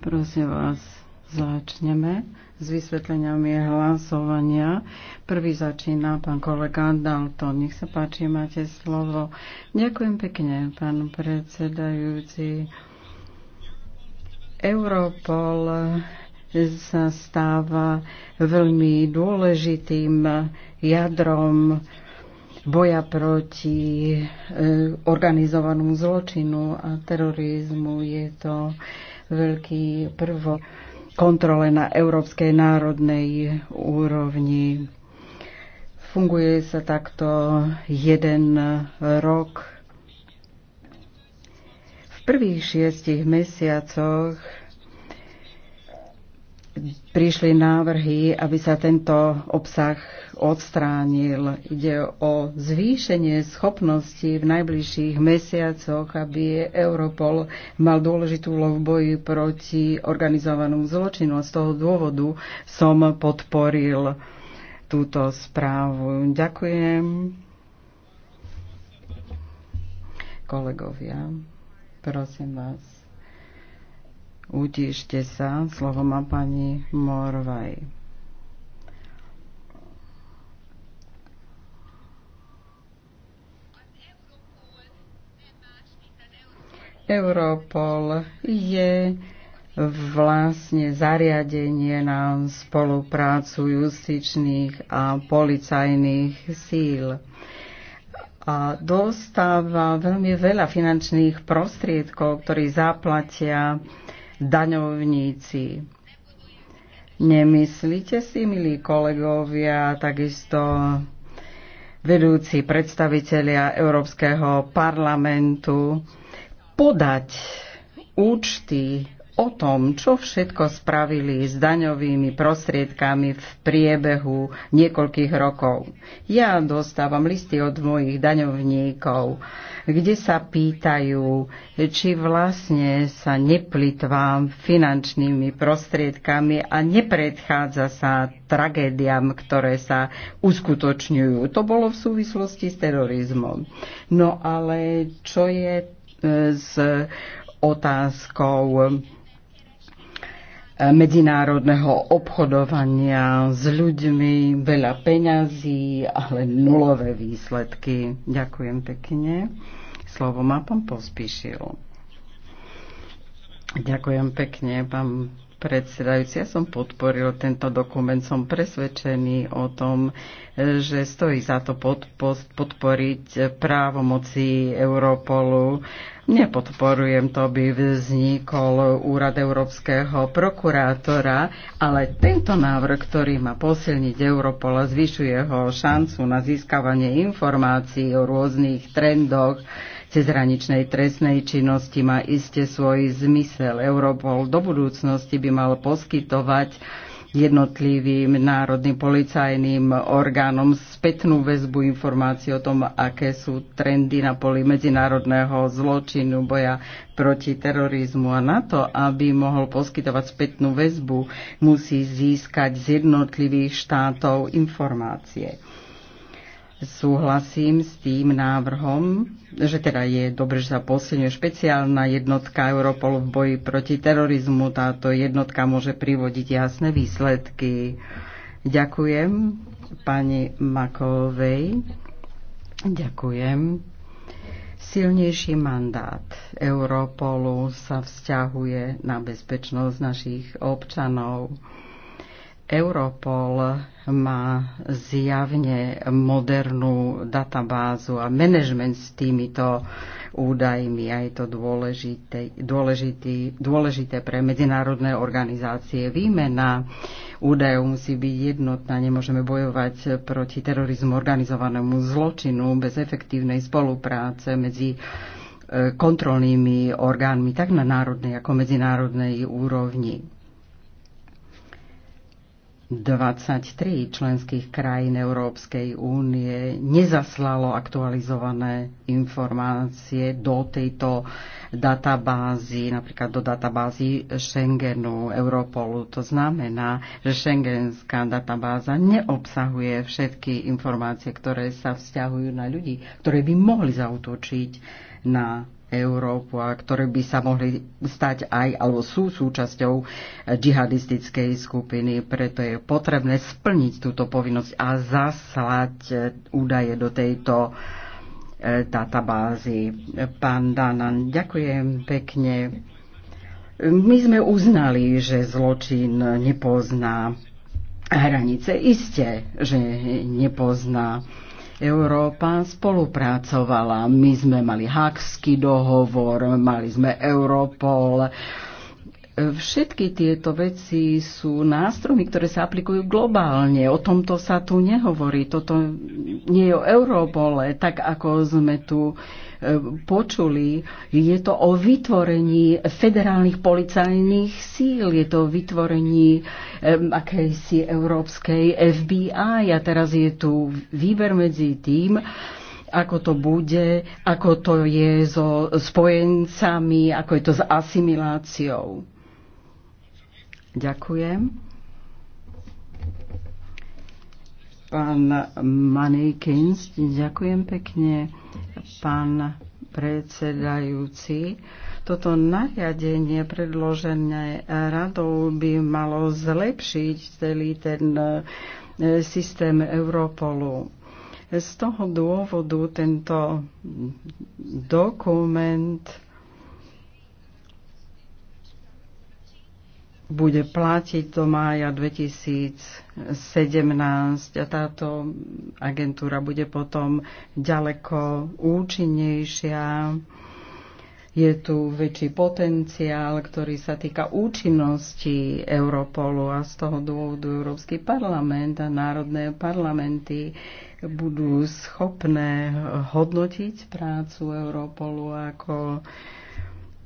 Prosím vás, začneme s vysvetleniami hlasovania. Prvý začína pán kolega Dalton. Nech sa páči, máte slovo. Ďakujem pekne, pán predsedajúci. Europol sa stáva veľmi dôležitým jadrom boja proti e, organizovanému zločinu a terorizmu. Je to veľký prvo kontrole na európskej národnej úrovni. Funguje sa takto jeden rok. V prvých šiestich mesiacoch prišli návrhy, aby sa tento obsah odstránil. Ide o zvýšenie schopnosti v najbližších mesiacoch, aby Europol mal dôležitú úlohu v boji proti organizovanému zločinu. a Z toho dôvodu som podporil túto správu. Ďakujem. Kolegovia, prosím vás. Utíšte sa, slovo má pani Morvaj. Europol je vlastne zariadenie na spoluprácu justičných a policajných síl a dostáva veľmi veľa finančných prostriedkov, ktorí zaplatia daňovníci. Nemyslíte si, milí kolegovia, takisto vedúci predstavitelia Európskeho parlamentu podať účty o tom, čo všetko spravili s daňovými prostriedkami v priebehu niekoľkých rokov. Ja dostávam listy od mojich daňovníkov, kde sa pýtajú, či vlastne sa neplitvám finančnými prostriedkami a nepredchádza sa tragédiám, ktoré sa uskutočňujú. To bolo v súvislosti s terorizmom. No ale čo je e, s otázkou medzinárodného obchodovania s ľuďmi, veľa peňazí, ale nulové výsledky. Ďakujem pekne. Slovo má pán Pospíšil. Ďakujem pekne, pán predsedajúci. Ja som podporil tento dokument, som presvedčený o tom, že stojí za to podporiť právomoci Europolu. Nepodporujem to, aby vznikol úrad európskeho prokurátora, ale tento návrh, ktorý má posilniť Europol a zvyšuje jeho šancu na získavanie informácií o rôznych trendoch, cezhraničnej trestnej činnosti má iste svoj zmysel. Europol do budúcnosti by mal poskytovať jednotlivým národným policajným orgánom spätnú väzbu informácií o tom, aké sú trendy na poli medzinárodného zločinu, boja proti terorizmu. A na to, aby mohol poskytovať spätnú väzbu, musí získať z jednotlivých štátov informácie súhlasím s tým návrhom, že teda je dobre, že sa posilňuje špeciálna jednotka Europol v boji proti terorizmu. Táto jednotka môže privodiť jasné výsledky. Ďakujem pani Makovej. Ďakujem. Silnejší mandát Europolu sa vzťahuje na bezpečnosť našich občanov Europol má zjavne modernú databázu a manažment s týmito údajmi a je to dôležité, dôležitý, dôležité pre medzinárodné organizácie. Výmena údajov musí byť jednotná. Nemôžeme bojovať proti terorizmu organizovanému zločinu bez efektívnej spolupráce medzi e, kontrolnými orgánmi tak na národnej ako medzinárodnej úrovni 23 členských krajín Európskej únie nezaslalo aktualizované informácie do tejto databázy, napríklad do databázy Schengenu, Europolu. To znamená, že Schengenská databáza neobsahuje všetky informácie, ktoré sa vzťahujú na ľudí, ktoré by mohli zautočiť na Európu a ktoré by sa mohli stať aj alebo sú súčasťou eh, džihadistickej skupiny. Preto je potrebné splniť túto povinnosť a zaslať eh, údaje do tejto eh, databázy. Pán Danan, ďakujem pekne. My sme uznali, že zločin nepozná hranice. Isté, že nepozná Európa spolupracovala. My sme mali Hakský dohovor, mali sme Europol, Všetky tieto veci sú nástrojmi, ktoré sa aplikujú globálne. O tomto sa tu nehovorí. Toto nie o Európole, tak ako sme tu e, počuli. Je to o vytvorení federálnych policajných síl, je to o vytvorení akejsi európskej FBI a teraz je tu výber medzi tým, ako to bude, ako to je so spojencami, ako je to s asimiláciou. Ďakujem. Pán Manikins, ďakujem pekne. Pán predsedajúci. Toto nariadenie predložené radou by malo zlepšiť celý ten e, systém Europolu. Z toho dôvodu tento dokument bude platiť do mája 2017 a táto agentúra bude potom ďaleko účinnejšia. Je tu väčší potenciál, ktorý sa týka účinnosti Europolu a z toho dôvodu Európsky parlament a národné parlamenty budú schopné hodnotiť prácu Europolu ako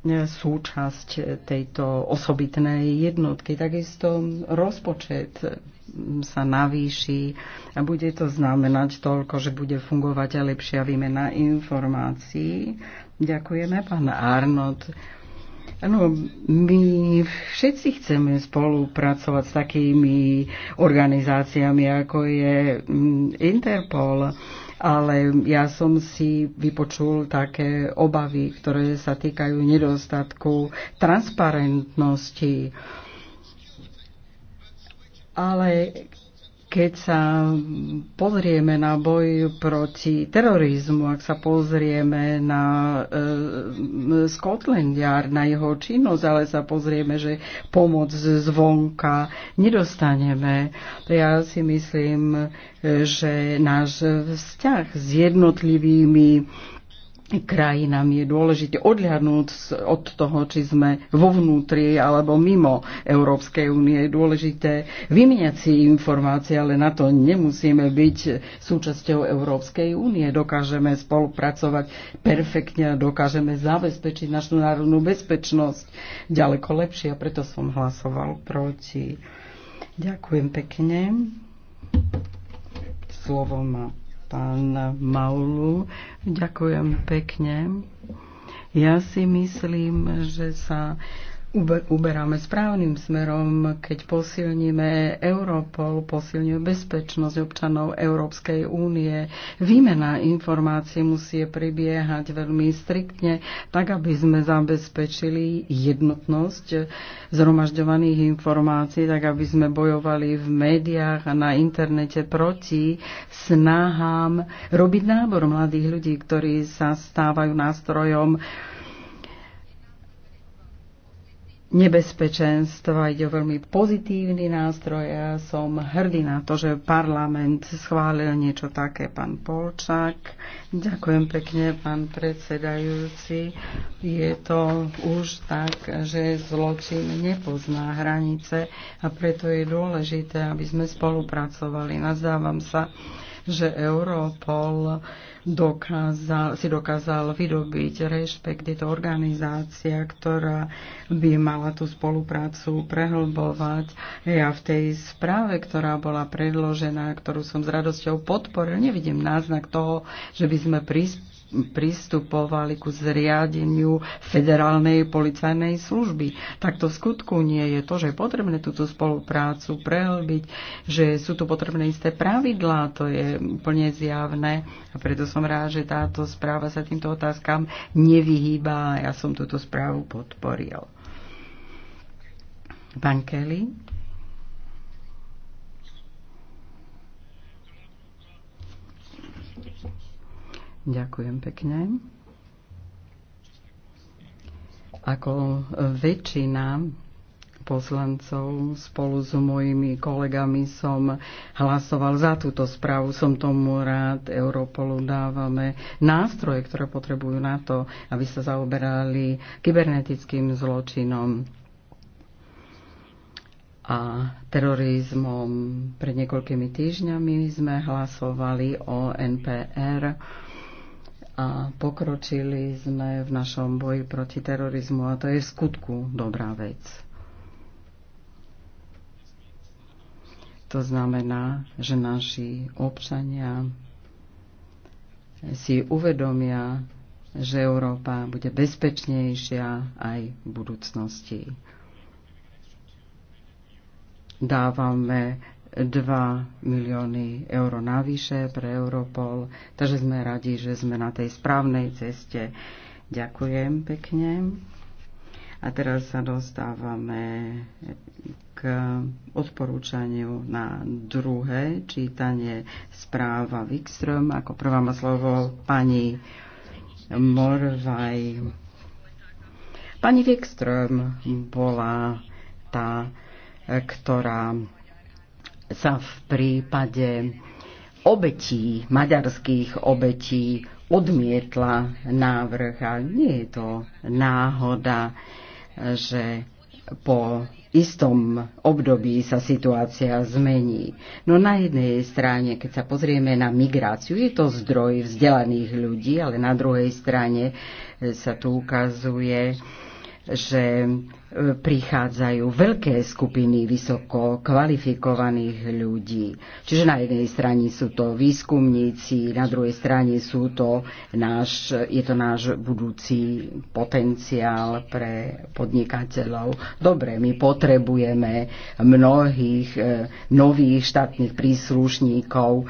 E, súčasť tejto osobitnej jednotky. Takisto rozpočet sa navýši a bude to znamenať toľko, že bude fungovať aj lepšia výmena informácií. Ďakujeme, pán Arnold. Ano. my všetci chceme spolupracovať s takými organizáciami, ako je mm, Interpol ale ja som si vypočul také obavy, ktoré sa týkajú nedostatku transparentnosti. Ale keď sa pozrieme na boj proti terorizmu, ak sa pozrieme na e, Scotland Yard, na jeho činnosť, ale sa pozrieme, že pomoc zvonka nedostaneme, to ja si myslím, e, že náš vzťah s jednotlivými krajinám je dôležité odhľadnúť od toho, či sme vo vnútri alebo mimo Európskej únie. Je dôležité vymieňať si informácie, ale na to nemusíme byť súčasťou Európskej únie. Dokážeme spolupracovať perfektne a dokážeme zabezpečiť našu národnú bezpečnosť ďaleko lepšie a preto som hlasoval proti. Ďakujem pekne. Slovo má pán Maulu. Ďakujem pekne. Ja si myslím, že sa uberáme správnym smerom, keď posilníme Europol, posilňuje bezpečnosť občanov Európskej únie. Výmena informácií musí pribiehať veľmi striktne, tak aby sme zabezpečili jednotnosť zhromažďovaných informácií, tak aby sme bojovali v médiách a na internete proti snahám robiť nábor mladých ľudí, ktorí sa stávajú nástrojom nebezpečenstva. Ide o veľmi pozitívny nástroj a ja som hrdý na to, že parlament schválil niečo také, pán Polčák. Ďakujem pekne, pán predsedajúci. Je to už tak, že zločin nepozná hranice a preto je dôležité, aby sme spolupracovali. Nazdávam sa, že Europol dokázal, si dokázal vydobiť rešpekt. Je to organizácia, ktorá by mala tú spoluprácu prehlbovať. Ja v tej správe, ktorá bola predložená, ktorú som s radosťou podporil, nevidím náznak toho, že by sme prispeli pristupovali ku zriadeniu federálnej policajnej služby. Tak to v skutku nie je to, že je potrebné túto spoluprácu prehlbiť, že sú tu potrebné isté pravidlá, to je úplne zjavné. A preto som rád, že táto správa sa týmto otázkam nevyhýba. Ja som túto správu podporil. Pán Kelly? Ďakujem pekne. Ako e, väčšina poslancov spolu s mojimi kolegami som hlasoval za túto správu. Som tomu rád. Europolu dávame nástroje, ktoré potrebujú na to, aby sa zaoberali kybernetickým zločinom a terorizmom. Pred niekoľkými týždňami sme hlasovali o NPR a pokročili sme v našom boji proti terorizmu a to je v skutku dobrá vec. To znamená, že naši občania si uvedomia, že Európa bude bezpečnejšia aj v budúcnosti. Dávame 2 milióny eur navyše pre Europol. Takže sme radi, že sme na tej správnej ceste. Ďakujem pekne. A teraz sa dostávame k odporúčaniu na druhé čítanie správa Wikström. Ako prvá má slovo pani Morvaj. Pani Wikström bola tá, ktorá sa v prípade obetí, maďarských obetí odmietla návrh a nie je to náhoda, že po istom období sa situácia zmení. No na jednej strane, keď sa pozrieme na migráciu, je to zdroj vzdelaných ľudí, ale na druhej strane sa tu ukazuje, že prichádzajú veľké skupiny vysoko kvalifikovaných ľudí. Čiže na jednej strane sú to výskumníci, na druhej strane sú to náš, je to náš budúci potenciál pre podnikateľov. Dobre, my potrebujeme mnohých e, nových štátnych príslušníkov,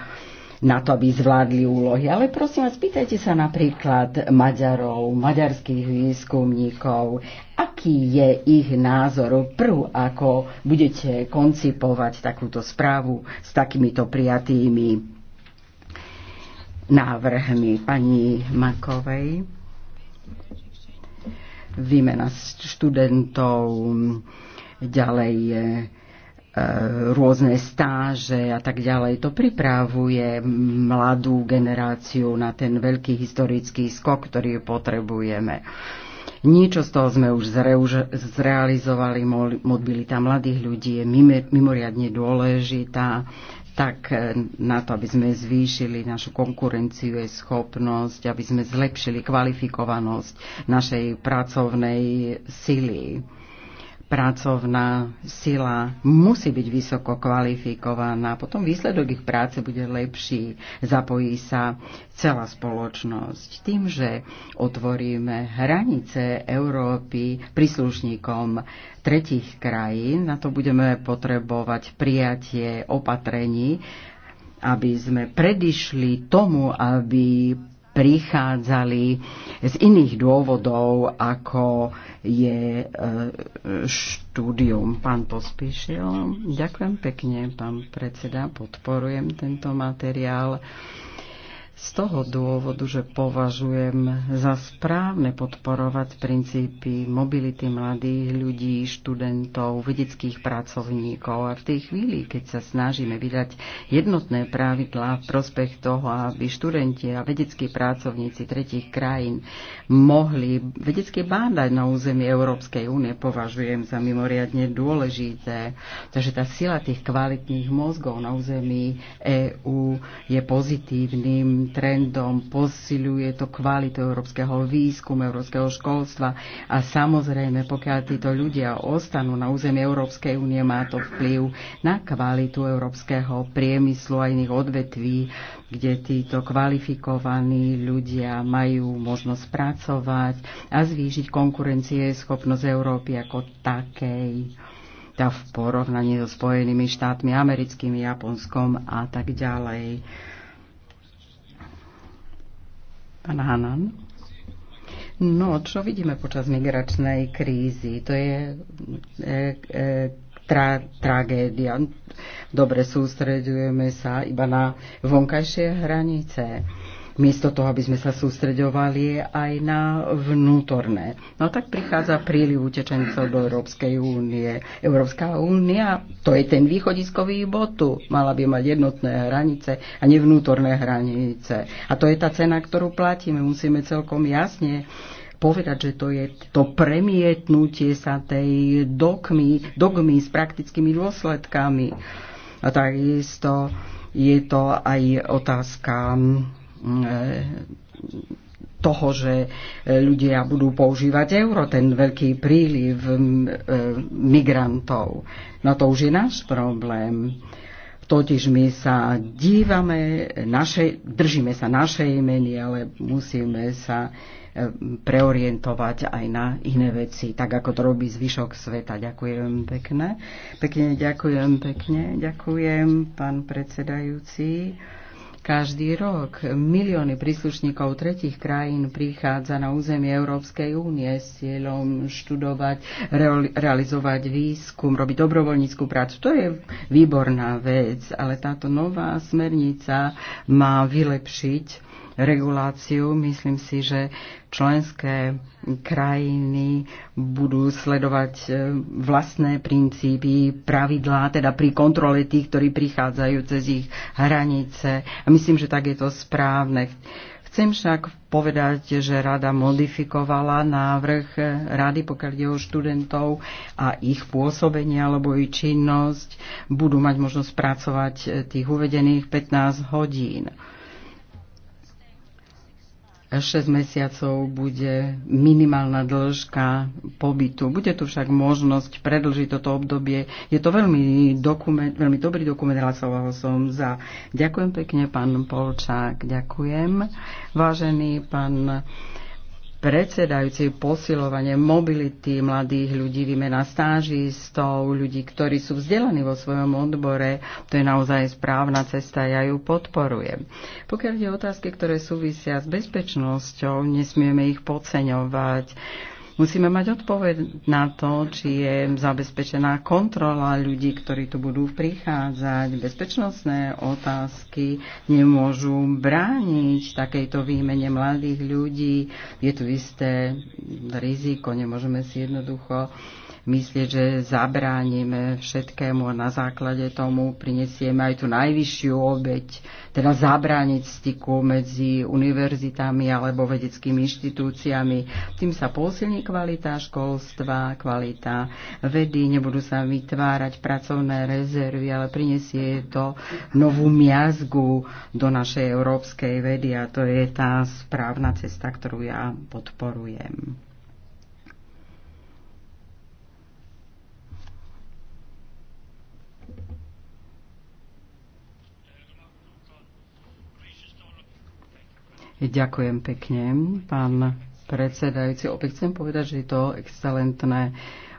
na to, aby zvládli úlohy. Ale prosím vás, pýtajte sa napríklad Maďarov, maďarských výskumníkov, aký je ich názor prv, ako budete koncipovať takúto správu s takýmito prijatými návrhmi pani Makovej. Výmena študentov, ďalej E, rôzne stáže a tak ďalej. To pripravuje mladú generáciu na ten veľký historický skok, ktorý potrebujeme. Niečo z toho sme už zrealizovali. Mobilita mladých ľudí je mimoriadne dôležitá tak e, na to, aby sme zvýšili našu konkurenciu a schopnosť, aby sme zlepšili kvalifikovanosť našej pracovnej sily pracovná sila musí byť vysoko kvalifikovaná, potom výsledok ich práce bude lepší, zapojí sa celá spoločnosť. Tým, že otvoríme hranice Európy príslušníkom tretich krajín, na to budeme potrebovať prijatie opatrení, aby sme predišli tomu, aby prichádzali z iných dôvodov, ako je e, štúdium. Pán Pospíšil, ďakujem pekne, pán predseda, podporujem tento materiál z toho dôvodu, že považujem za správne podporovať princípy mobility mladých ľudí, študentov, vedeckých pracovníkov. A v tej chvíli, keď sa snažíme vydať jednotné pravidlá v prospech toho, aby študenti a vedeckí pracovníci tretich krajín mohli vedecky bádať na území Európskej únie, považujem za mimoriadne dôležité. Takže tá sila tých kvalitných mozgov na území EÚ je pozitívnym trendom, posiluje to kvalitu európskeho výskumu, európskeho školstva a samozrejme, pokiaľ títo ľudia ostanú na území Európskej únie, má to vplyv na kvalitu európskeho priemyslu a iných odvetví, kde títo kvalifikovaní ľudia majú možnosť pracovať a zvýšiť konkurencie schopnosť Európy ako takej v porovnaní so Spojenými štátmi americkými, Japonskom a tak ďalej. Pán Hanan. No, čo vidíme počas migračnej krízy? To je e, e, tra- tragédia. Dobre, sústredujeme sa iba na vonkajšie hranice miesto toho, aby sme sa sústreďovali aj na vnútorné. No tak prichádza príliv utečencov do Európskej únie. Európska únia, to je ten východiskový bod tu, mala by mať jednotné hranice a nevnútorné hranice. A to je tá cena, ktorú platíme. Musíme celkom jasne povedať, že to je to premietnutie sa tej dogmy, dogmy s praktickými dôsledkami. A takisto je to aj otázka E, toho, že e, ľudia budú používať euro, ten veľký príliv e, migrantov. No to už je náš problém. Totiž my sa dívame, naše, držíme sa našej meny, ale musíme sa preorientovať aj na iné veci, tak ako to robí zvyšok sveta. Ďakujem pekne. Pekne, ďakujem pekne. Ďakujem, pán predsedajúci. Každý rok milióny príslušníkov tretich krajín prichádza na územie Európskej únie s cieľom študovať, realizovať výskum, robiť dobrovoľníckú prácu. To je výborná vec, ale táto nová smernica má vylepšiť reguláciu. Myslím si, že členské krajiny budú sledovať e, vlastné princípy, pravidlá, teda pri kontrole tých, ktorí prichádzajú cez ich hranice. A myslím, že tak je to správne. Chcem však povedať, že rada modifikovala návrh rady, pokiaľ ide o študentov a ich pôsobenie alebo ich činnosť. Budú mať možnosť pracovať e, tých uvedených 15 hodín. 6 mesiacov bude minimálna dĺžka pobytu. Bude tu však možnosť predlžiť toto obdobie. Je to veľmi, dokument, veľmi dobrý dokument, hlasoval som za. Ďakujem pekne, pán Polčák, ďakujem. Vážený pán predsedajúci posilovanie mobility mladých ľudí, výmena stážistov, ľudí, ktorí sú vzdelaní vo svojom odbore. To je naozaj správna cesta, ja ju podporujem. Pokiaľ je otázky, ktoré súvisia s bezpečnosťou, nesmieme ich podceňovať Musíme mať odpoveď na to, či je zabezpečená kontrola ľudí, ktorí tu budú prichádzať. Bezpečnostné otázky nemôžu brániť takejto výmene mladých ľudí. Je tu isté riziko, nemôžeme si jednoducho myslieť, že zabránime všetkému a na základe tomu prinesieme aj tú najvyššiu obeď, teda zabrániť styku medzi univerzitami alebo vedeckými inštitúciami. Tým sa posilní kvalita školstva, kvalita vedy, nebudú sa vytvárať pracovné rezervy, ale prinesie to novú miazgu do našej európskej vedy a to je tá správna cesta, ktorú ja podporujem. Ďakujem pekne, pán predsedajúci. Opäť chcem povedať, že je to excelentné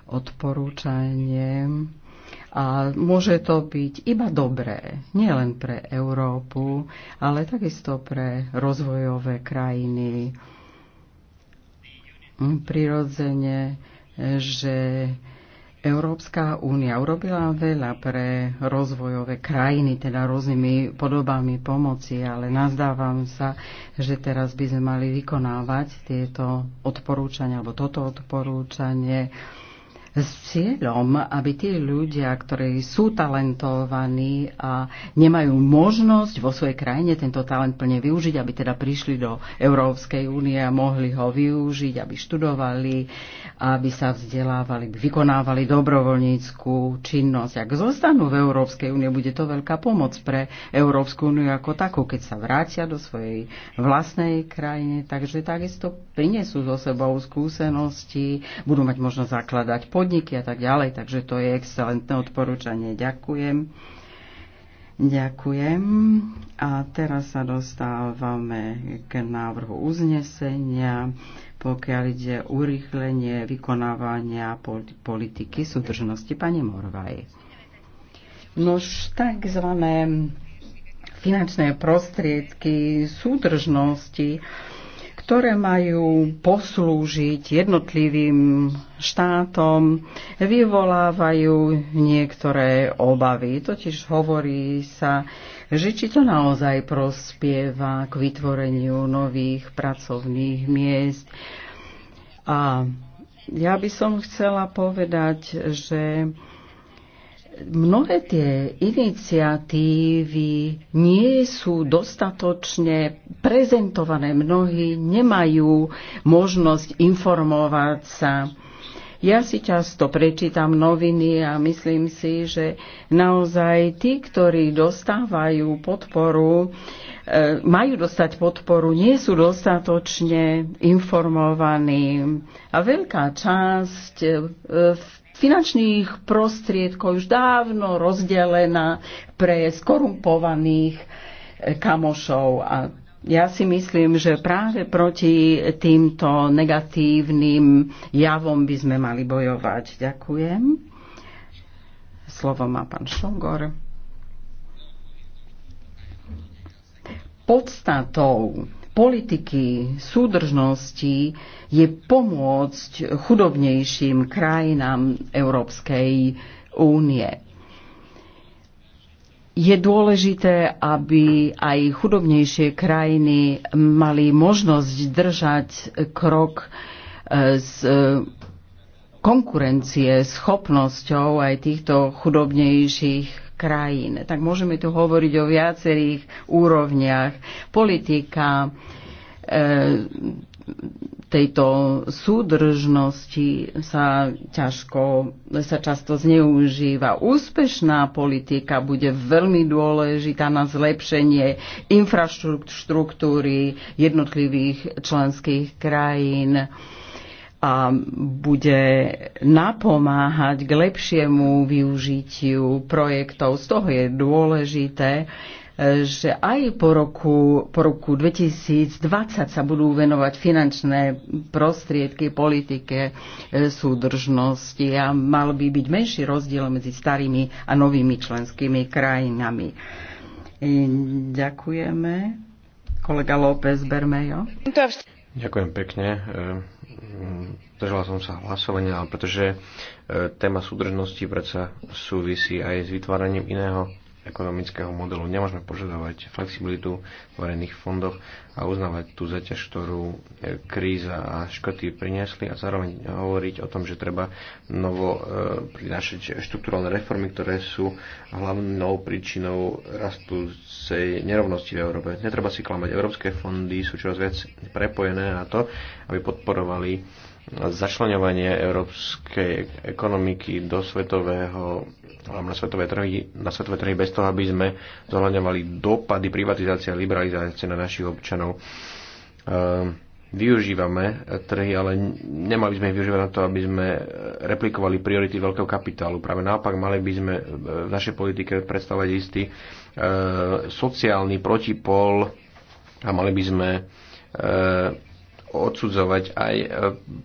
odporúčanie a môže to byť iba dobré, nielen pre Európu, ale takisto pre rozvojové krajiny. Prirodzene, že Európska únia urobila veľa pre rozvojové krajiny, teda rôznymi podobami pomoci, ale nazdávam sa, že teraz by sme mali vykonávať tieto odporúčania, alebo toto odporúčanie s cieľom, aby tí ľudia, ktorí sú talentovaní a nemajú možnosť vo svojej krajine tento talent plne využiť, aby teda prišli do Európskej únie a mohli ho využiť, aby študovali, aby sa vzdelávali, vykonávali dobrovoľníckú činnosť. Ak zostanú v Európskej únie, bude to veľká pomoc pre Európsku úniu ako takú, keď sa vrátia do svojej vlastnej krajine, takže takisto prinesú so sebou skúsenosti, budú mať možnosť zakladať po podniky a tak ďalej. Takže to je excelentné odporúčanie. Ďakujem. Ďakujem. A teraz sa dostávame k návrhu uznesenia, pokiaľ ide urychlenie vykonávania politiky súdržnosti pani Morvaj. Nož takzvané finančné prostriedky súdržnosti ktoré majú poslúžiť jednotlivým štátom, vyvolávajú niektoré obavy. Totiž hovorí sa, že či to naozaj prospieva k vytvoreniu nových pracovných miest. A ja by som chcela povedať, že mnohé tie iniciatívy nie sú dostatočne prezentované. Mnohí nemajú možnosť informovať sa. Ja si často prečítam noviny a myslím si, že naozaj tí, ktorí dostávajú podporu, e, majú dostať podporu, nie sú dostatočne informovaní. A veľká časť e, v finančných prostriedkov už dávno rozdelená pre skorumpovaných eh, kamošov a ja si myslím, že práve proti týmto negatívnym javom by sme mali bojovať. Ďakujem. Slovo má pán Šongor. Podstatou politiky súdržnosti je pomôcť chudobnejším krajinám Európskej únie. Je dôležité, aby aj chudobnejšie krajiny mali možnosť držať krok e, s e, konkurencie schopnosťou aj týchto chudobnejších krajín. Tak môžeme tu hovoriť o viacerých úrovniach. Politika e, tejto súdržnosti sa ťažko, sa často zneužíva. Úspešná politika bude veľmi dôležitá na zlepšenie infraštruktúry jednotlivých členských krajín a bude napomáhať k lepšiemu využitiu projektov. Z toho je dôležité, že aj po roku, po roku 2020 sa budú venovať finančné prostriedky politike e, súdržnosti a mal by byť menší rozdiel medzi starými a novými členskými krajinami. Ďakujeme. Kolega López Bermejo. Ďakujem pekne. E, Držala som sa hlasovania, ale pretože e, téma súdržnosti predsa súvisí aj s vytváraním iného ekonomického modelu. Nemôžeme požadovať flexibilitu v verejných fondoch a uznávať tú zaťaž, ktorú e, kríza a škoty priniesli a zároveň hovoriť o tom, že treba novo e, prinášať štruktúralne reformy, ktoré sú hlavnou príčinou rastúcej nerovnosti v Európe. Netreba si klamať. Európske fondy sú čoraz viac prepojené na to, aby podporovali začlenovanie európskej ekonomiky do svetového na svetové, trhy, na svetové trhy bez toho, aby sme zohľadňovali dopady privatizácie a liberalizácie na našich občanov. Ehm, využívame trhy, ale nemali by sme ich využívať na to, aby sme replikovali priority veľkého kapitálu. Práve naopak, mali by sme v našej politike predstavovať istý ehm, sociálny protipol a mali by sme ehm, odsudzovať aj e,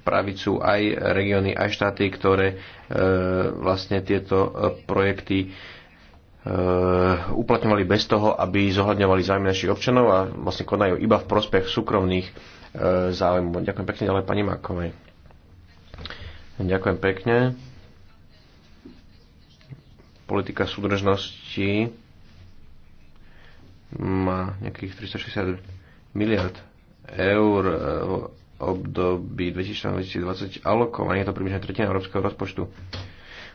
pravicu, aj regióny, aj štáty, ktoré e, vlastne tieto e, projekty uplatňovali bez toho, aby zohľadňovali záujmy našich občanov a vlastne konajú iba v prospech súkromných záujmov. Ďakujem pekne ďalej pani Makovej. Ďakujem pekne. Politika súdržnosti má nejakých 360 miliard eur v eh, období 2020 alokovaných, Je to približne tretina európskeho rozpočtu.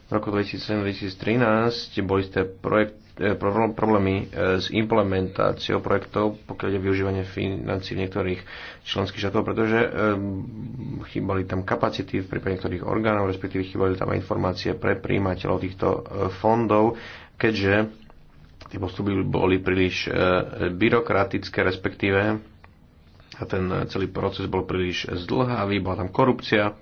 V roku 2007-2013 boli ste projekt, eh, problémy eh, s implementáciou projektov, pokiaľ je využívanie financí v niektorých členských štátov, pretože chýbali tam kapacity v prípade niektorých orgánov, respektíve chýbali tam informácie pre príjimateľov týchto fondov, keďže tie postupy boli príliš byrokratické, respektíve a ten celý proces bol príliš zdlhavý, bola tam korupcia,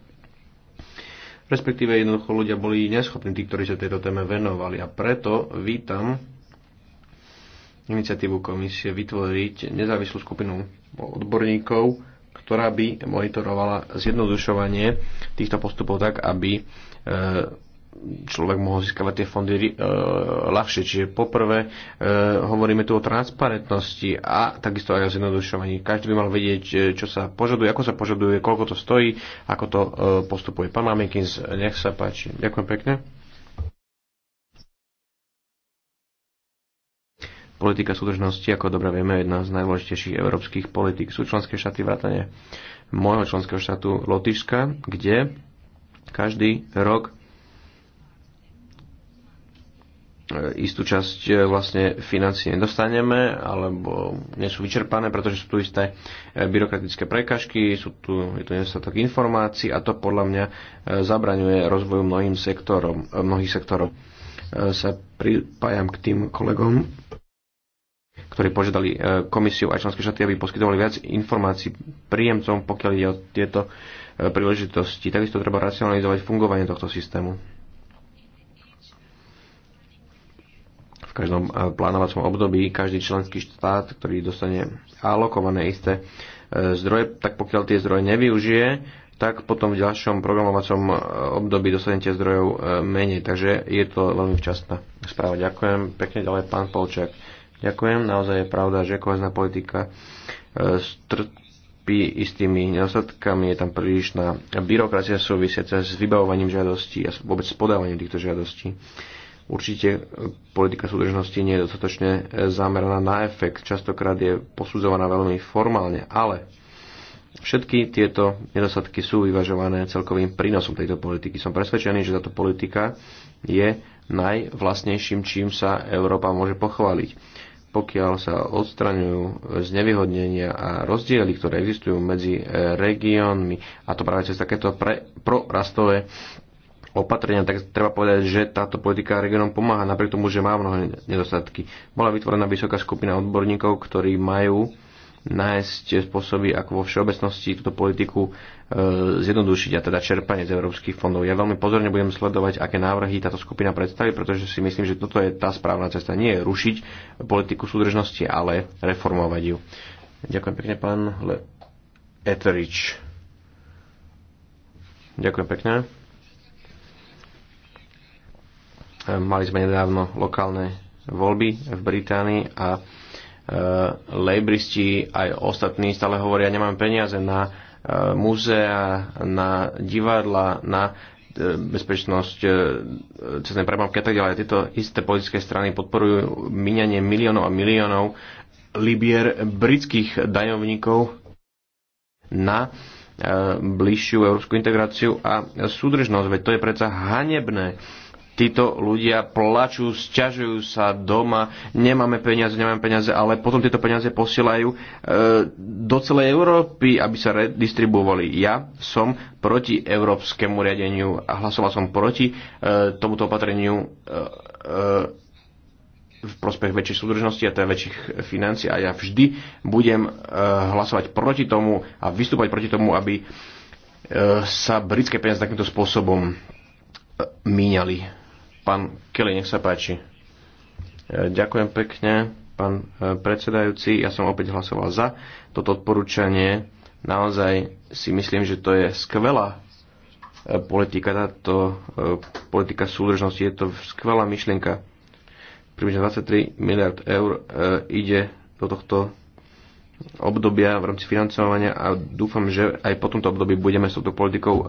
respektíve jednoducho ľudia boli neschopní, tí, ktorí sa tejto téme venovali. A preto vítam iniciatívu komisie vytvoriť nezávislú skupinu odborníkov, ktorá by monitorovala zjednodušovanie týchto postupov tak, aby e, človek mohol získavať tie fondy uh, ľahšie. Čiže poprvé uh, hovoríme tu o transparentnosti a takisto aj o zjednodušovaní. Každý by mal vedieť, e, čo sa požaduje, ako sa požaduje, koľko to stojí, ako to uh, postupuje. Pán Mamikins, nech sa páči. Ďakujem pekne. Politika súdržnosti, ako dobre vieme, je jedna z najdôležitejších európskych politik. Sú členské štáty vrátane môjho členského štátu Lotyšska, kde každý rok E, istú časť e, vlastne financí nedostaneme, alebo nie sú vyčerpané, pretože sú tu isté e, byrokratické prekažky, sú tu, je tu nedostatok informácií a to podľa mňa zabraňuje rozvoju mnohým sektorom, mnohých sektorov. Sa pripájam k tým kolegom, ktorí požiadali komisiu a členské štáty, aby poskytovali viac informácií príjemcom, pokiaľ ide o tieto príležitosti. Takisto treba racionalizovať fungovanie tohto systému. v každom eh, plánovacom období každý členský štát, ktorý dostane alokované isté eh, zdroje, tak pokiaľ tie zdroje nevyužije, tak potom v ďalšom programovacom eh, období dostanete zdrojov menej. Takže je to veľmi včasná správa. Ďakujem pekne ďalej, pán Polčák. Ďakujem, naozaj je pravda, že kohezná politika strpí istými nedostatkami, je tam prílišná byrokracia súvisiaca s vybavovaním žiadostí a vôbec s podávaním týchto žiadostí. Určite e, politika súdržnosti nie je dostatočne e, zameraná na efekt. Častokrát je posudzovaná veľmi formálne, ale všetky tieto nedostatky sú vyvažované celkovým prínosom tejto politiky. Som presvedčený, že táto politika je najvlastnejším, čím sa Európa môže pochváliť. Pokiaľ sa odstraňujú znevýhodnenia a rozdiely, ktoré existujú medzi e, regiónmi, a to práve cez takéto pre, prorastové opatrenia, tak treba povedať, že táto politika regionom pomáha, napriek tomu, že má mnohé nedostatky. Bola vytvorená vysoká skupina odborníkov, ktorí majú nájsť spôsoby, ako vo všeobecnosti túto politiku e, zjednodušiť, a teda čerpanie z európskych fondov. Ja veľmi pozorne budem sledovať, aké návrhy táto skupina predstaví, pretože si myslím, že toto je tá správna cesta. Nie je rušiť politiku súdržnosti, ale reformovať ju. Ďakujem pekne, pán Le- Eterich. Ďakujem pekne. Mali sme nedávno lokálne voľby v Británii a e, lejbristi aj ostatní stále hovoria, nemám peniaze na e, múzea, na divadla, na e, bezpečnosť cestnej premávky a tak ďalej. Tieto isté politické strany podporujú minanie miliónov a miliónov libier britských daňovníkov na bližšiu európsku integráciu a súdržnosť. Veď to je predsa hanebné títo ľudia plačú, sťažujú sa doma, nemáme peniaze, nemáme peniaze, ale potom tieto peniaze posielajú e, do celej Európy, aby sa redistribuovali. Ja som proti európskemu riadeniu a hlasoval som proti e, tomuto opatreniu e, e, v prospech väčšej súdržnosti a teda väčších financií a ja vždy budem e, hlasovať proti tomu a vystúpať proti tomu, aby e, sa britské peniaze takýmto spôsobom e, míňali. Pán Kelly, nech sa páči. E, ďakujem pekne, pán e, predsedajúci. Ja som opäť hlasoval za toto odporúčanie. Naozaj si myslím, že to je skvelá e, politika, táto politika súdržnosti. Je to skvelá myšlienka. Približne 23 miliard eur ide do tohto obdobia v rámci financovania a dúfam, že aj po tomto období budeme s touto politikou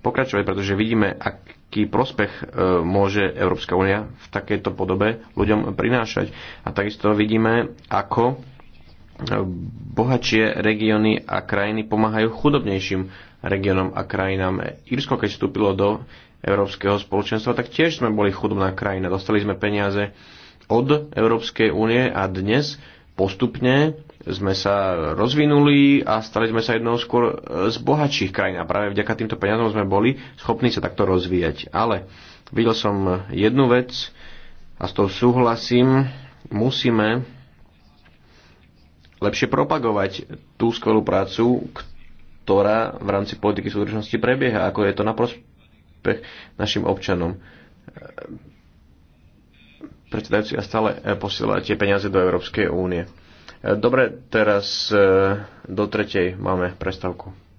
pokračovať, pretože vidíme, ak, aký prospech e, môže Európska únia v takejto podobe ľuďom prinášať. A takisto vidíme, ako e, bohatšie regióny a krajiny pomáhajú chudobnejším regiónom a krajinám. Írsko, keď vstúpilo do Európskeho spoločenstva, tak tiež sme boli chudobná krajina. Dostali sme peniaze od Európskej únie a dnes postupne sme sa rozvinuli a stali sme sa jednou skôr e, z bohatších krajín a práve vďaka týmto peniazom sme boli schopní sa takto rozvíjať. Ale videl som jednu vec a s tou súhlasím, musíme lepšie propagovať tú skvelú prácu, ktorá v rámci politiky súdržnosti prebieha, ako je to na prospech našim občanom predsedajúci a stále e, posielate peniaze do Európskej únie. Dobre, teraz e, do tretej máme prestávku.